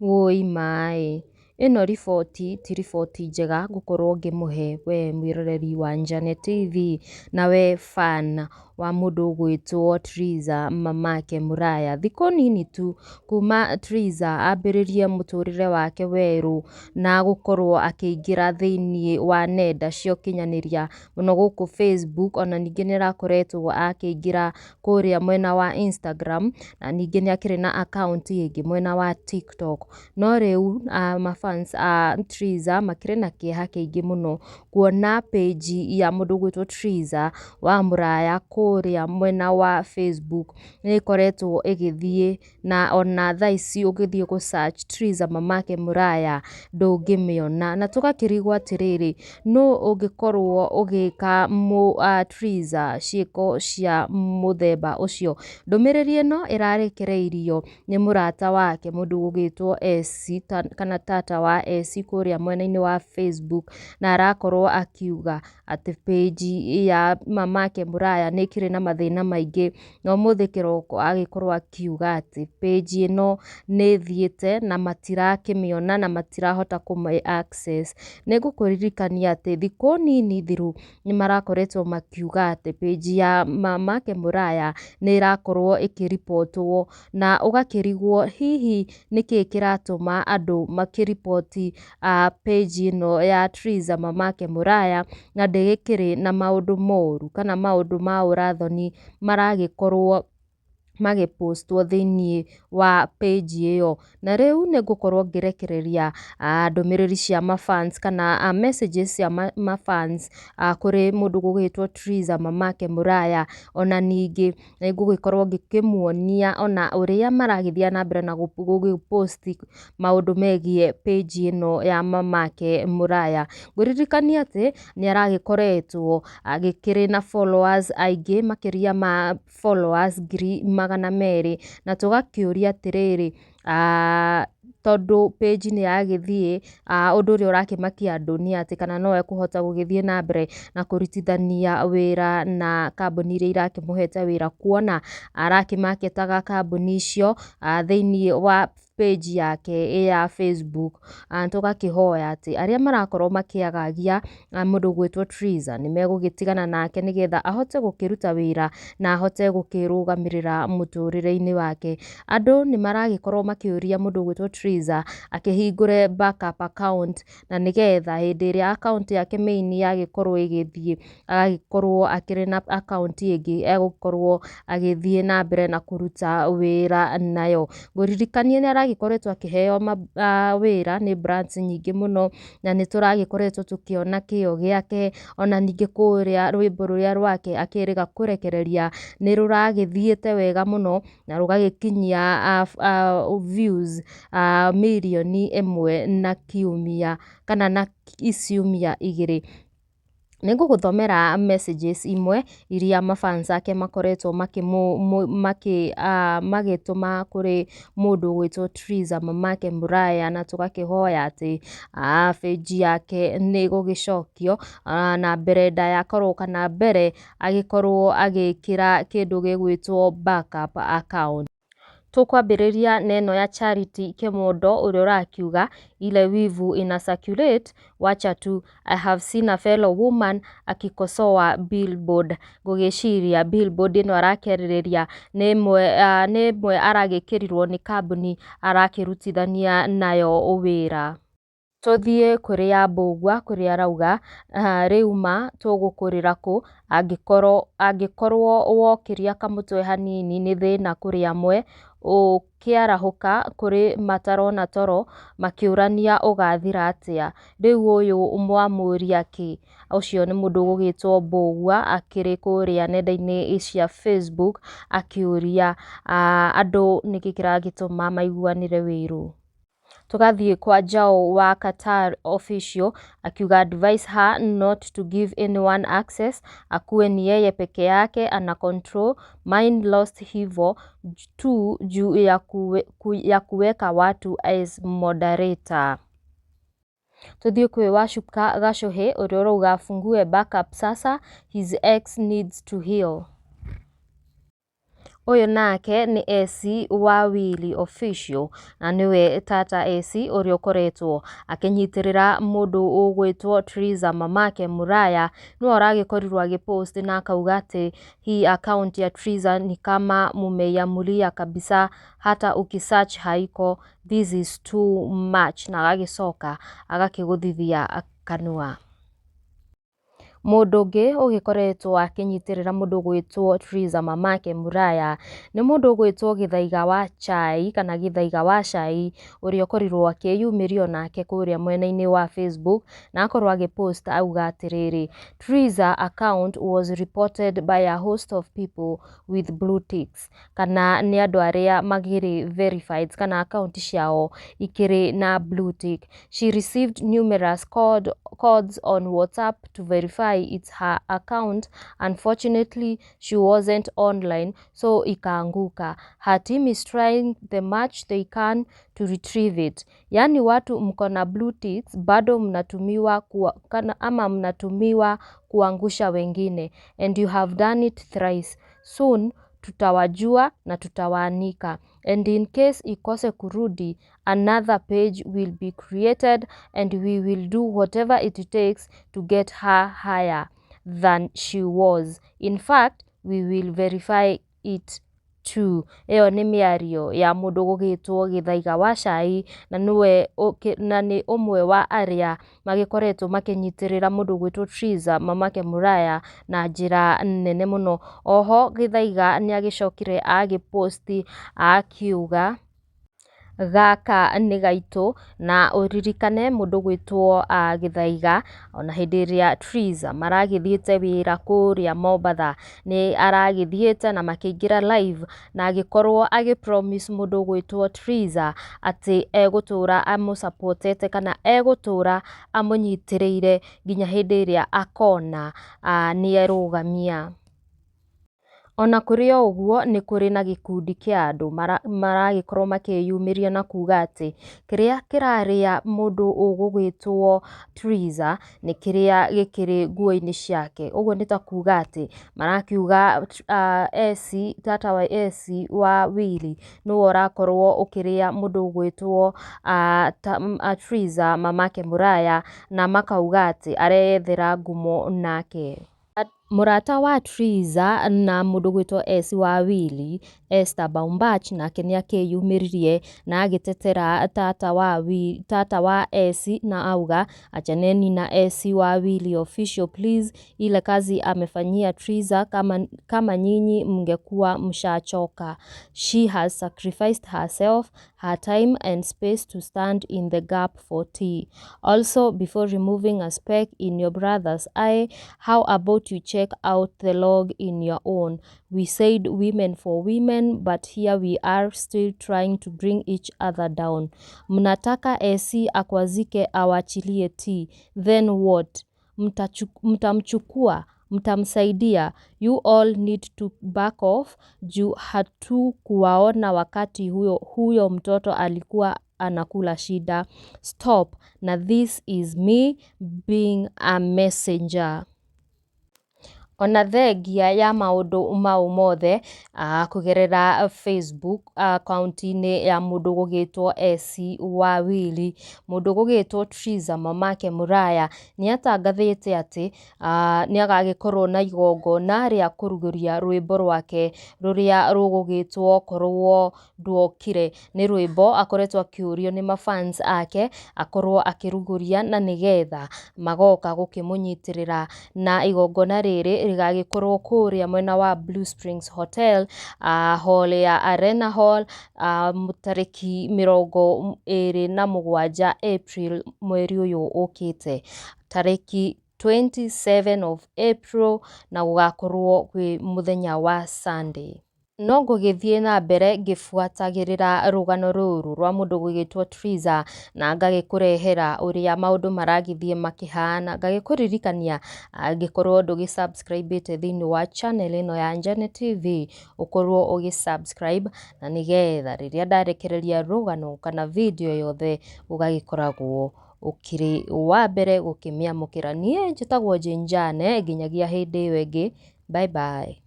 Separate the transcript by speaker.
Speaker 1: 會唔會？Ĩno riboti ti riboti njega ngũkorwo ngĩmũhe we mwĩroreri wa Njane TV, we fan wa mũndũ ũgwĩtwo Triza Mamake Mũraya. Thikũ nini tu kuma Triza ambĩrĩrie mũtũrĩre wake werũ na gũkorwo akĩingĩra thĩiniĩ wa nenda cia ũkinyanĩria mũno gũkũ Facebook, ona ningĩ arakoretwo akĩingĩra kũrĩa mwena wa Instagram, na ningĩ akĩrĩ na akaunti ĩngĩ mwena wa TikTok. No rĩu ah, fans a Triza makĩrĩ na kĩeha kĩingĩ muno kuona page ya mũndũ ũgwĩtwo Triza wa mũraya kũrĩa mwena wa Facebook nĩ ĩkoretwo ĩgĩthiĩ na ona thaa ici ugithie ku search Triza mamake mũraya ndũngĩmĩona. Na no ungikorwo ugika mu uh, Triza ciĩko cia mũthemba ucio Ndũmĩrĩri ĩno ĩrarekereirio ni murata wake mũndũ ũgwĩtwo SC kana tata wa AC Korea mwanani wa Facebook na rakorwa akiuga at page ya mamake muraya ne kirina mathina maingi ngomuthikiroko agikorwa akiuga at page ino ne thiete na matirake miona na matiraho to come access ne gukoririka ni ati thikoni ni thiru ni marako reto maakiuga at page ya mamake muraya ni rakorwa ikiriporto wo na ugakirigwo hihi ne kikiratuma ando makiri riboti ah, page ĩno ya Trizama mamake Mũraya na ndĩgĩkĩrĩ na maũndũ moru kana maũndũ ma ũrathoni maragĩkorwo magĩpostwo thĩiniĩ wa page ĩyo. Na rĩu nĩ ngũkorwo ngĩrekereria ndũmĩrĩri cia ma fans kana messages cia ma fans kũrĩ mũndũ ũgũgĩtwo Triza Mamake Mũraya, ona ningĩ nĩ ngũgĩkorwo ngĩkĩmuonia ona ũrĩa maragĩthiĩ na mbere na gũgĩpost maũndũ megiĩ page ĩno ya Mamake Mũraya. Ngũririkanie atĩ nĩ aragĩkoretwo agĩkĩrĩ na followers aingĩ makĩria ma followers ngiri magana. na mere na toga kiuri atiri a tondu peji ni agithie a unduri ora ki makia ndo ni ati kana no ya kuhota kugithie na mere na kuritidania weera na kabonire iraki muheta weera kuona araki maketaga kaboni cio a theni wa page yake eya facebook antoka ke hoyati ari marako ro makiyagagia na mudu ah, gwitwo treaser nime kugitigana nake nigetha ahote gukiruta wira na ahote gukirugamirira muturire ni wake ando nimara gikoroma kiyuria mudu gwitwo treaser ake hi gore backup account na nigetha hedirya account yake maini agikorwo igithie agikorwo akirena account igi egukorwo agithie nambere na kuruta wira nayo goridi kaniye ikoretwa kehewa wera ni brands nyigimo nani torage koretwa tukiona ke yo giake ona ningikurya rwiburu ya rwake akereka kurekereria ni ruragithiete wega muno na rugagikinya uh views a million ni emwe nakiumia kana na isiumya igire Nego guthomera messages imwe iria mafans yake makoretwa makimuke mageto makuri mudu gwito trisa mamake muraya nato wake hoyate afiji yake nigo gishokyo na Brenda yakoroka na bere agikorwa agekira kindu gwito backup account Tũkwambĩrĩria na ĩno ya Charity Kimondo ũrĩa ũrakiuga Ile wivu ina circulate wacha tu I have seen a fellow woman akikosoa billboard ngũgĩciria billboard ĩno arakĩarĩrĩria nĩ ĩmwe aragĩkĩrirwo nĩ kambuni arakĩrutithania nayo wĩra. Tũthiĩ kũrĩ ya Mbũgua kũrĩa arauga rĩu ma tũgũkũrĩra kũ angĩkorwo wokĩria kamũtwe hanini nĩ thĩna kũrĩ amwe okye arahoka kore mataronatoro makiurania ugathira atia riwuyu umwamuriaki ucioni mudu gukitwa bugwa akire kuria neda ini ecia facebook akiuria ado nikikira gitoma maigwanire weero Tugathiĩ kwa Jao wa Qatar Official akiuga advise her not to give anyone access, akuwe ni yeye peke yake ana control mind lost hivo tu juu ya, kuwe, ku, ya kuweka watu as moderator tuthiĩ kwĩ Wacuka Gachuhi ũrĩa ũrauga afungue backup sasa his ex needs to heal Ũyũ nake nĩ AC wa Wili Official, na nĩwe Tata AC ũrĩa ũkoretwo akĩnyitĩrĩra mũndũ ũgwĩtwo Theresa Mamake Mũraya, nĩwe ũragĩkorirwo agĩ post na akauga atĩ hii account ya Theresa ni kama mumeiamulia kabisa hata ukisearch haiko, this is too much na agagĩcoka agakĩgũthithia kanua. Mũndũ ũngĩ ũgĩkoretwo akĩnyitĩrĩra mũndũ ũgwĩtwo Theresa Mamake Mũraya, nĩ mũndũ ũgwĩtwo Gĩthaiga wa Chai kana Gĩthaiga wa Cai, ũrĩa ũkorirwo akĩyumĩria onake kũrĩa mwena-inĩ wa Facebook, na akorwo agĩ post auga atĩrĩrĩ, Theresa account was reported by a host of people with blue ticks kana nĩ andũ arĩa makĩrĩ verified kana akaunti ciao ikĩrĩ na blue tick. She received numerous codes on WhatsApp to verify verify it's her account. Unfortunately, she wasn't online, so ikaanguka. Her team is trying the much they can to retrieve it. Yaani watu mko na blue ticks bado mnatumiwa kuwa, ama mnatumiwa kuangusha wengine and you have done it thrice. Soon tutawajua na tutawaanika and in case ikose kurudi another page will be created and we will do whatever it takes to get her higher than she was in fact we will verify it tu eo nemiario ya mudu gugitwo githaiga wachaai na niwe na ni umwe wa area magikoretu make nyiterira mudu gugitwo treesa mamake muraya na jira 4 nemuno oho githaiga ni agicokire ageposti akiuga gaka anigaito na uririkane muduguitwo agithaiga na hidiria trees maragithieti birakuri ya mobatha ni aragithieti na makigira live na agikorwo age promise muduguitwo trees at egutura amu supportete kana egutura amunyitereire ginya hidiria akona ni erugamia Ona kũrĩ o ũguo, nĩ kũrĩ na gĩkundi kĩa andũ maragĩkorwo makĩyumĩria na kuga atĩ kĩrĩa kĩrarĩa mũndũ ũgũgĩtwo Triza nĩ kĩrĩa gĩkĩrĩ nguo-inĩ ciake. Ũguo nĩ ta kuga atĩ marakiuga S, tata wa S wa Willy nĩwe ũrakorwo ũkĩrĩa mũndũ ũgwĩtwo Triza mamake mũraya na makauga atĩ areyethera ngumo nake. mũrata wa Triza na mũndũ ũgwĩtwo wa Wawili Esther Baumbach nake nĩ akĩyumĩririe na agĩtetera tata wa, wi, tata wa AC na auga achaneni na AC wa wili Official please, ile kazi amefanyia Triza kama, kama nyinyi mngekuwa mshachoka. She has sacrificed herself, her time and space to stand in the gap for tea. Also, before removing a speck in your brother's eye, how about you check out the log in your own? We said women for women broken but here we are still trying to bring each other down. Mnataka AC akwazike awachilie T. Then what? Mtamchukua, mtamsaidia. You all need to back off juu kuwaona wakati huyo, huyo mtoto alikuwa anakula shida. Stop na this is me being a messenger. ona thengia ya maudu maumothe kugerera facebook account ine ya mudu gugitwa ac wawili mudu gugitwa trisa mamake muraya ni hata ngathite ati ni akagikorona igongo na riya kuruguri ya rwiborwa ke ruriya ro gugitwa korwo duokire ni rwibo akoretwa kuryo ni mafans ake akoro akiruguria na nigetha magoka gukimunyitirira na igongo narire rĩgagĩkorwo kuria mwena wa Blue Springs Hotel, ah, hall ya Arena Hall, ah, tarĩki mĩrongo ĩrĩ na mũgwanja April mweri ũyũ ũkĩte. tariki 27 of April na gũgakorwo kwi muthenya wa Sunday no ngũgĩthiĩ na mbere ngĩbuatagĩrĩra rũgano rũrũ rwa mũndũ ũgũgĩtwo Triza, na ngagĩkũrehera ũrĩa maũndũ maragĩthiĩ makĩhana, ngagĩkũririkania angĩkorwo ah, ndũgĩ subscribe ĩte thĩiniĩ wa channel ĩno ya Njane TV, ũkorwo ũgĩ subscribe na nĩgetha rĩrĩa ndarekereria rũgano kana video yothe ũgagĩkoragwo ũkĩrĩ wa mbere gũkĩmĩamũkĩra. Niĩ njĩtagwo Jane Njane, nginyagia hĩndĩ ĩyo ĩngĩ, bye bye.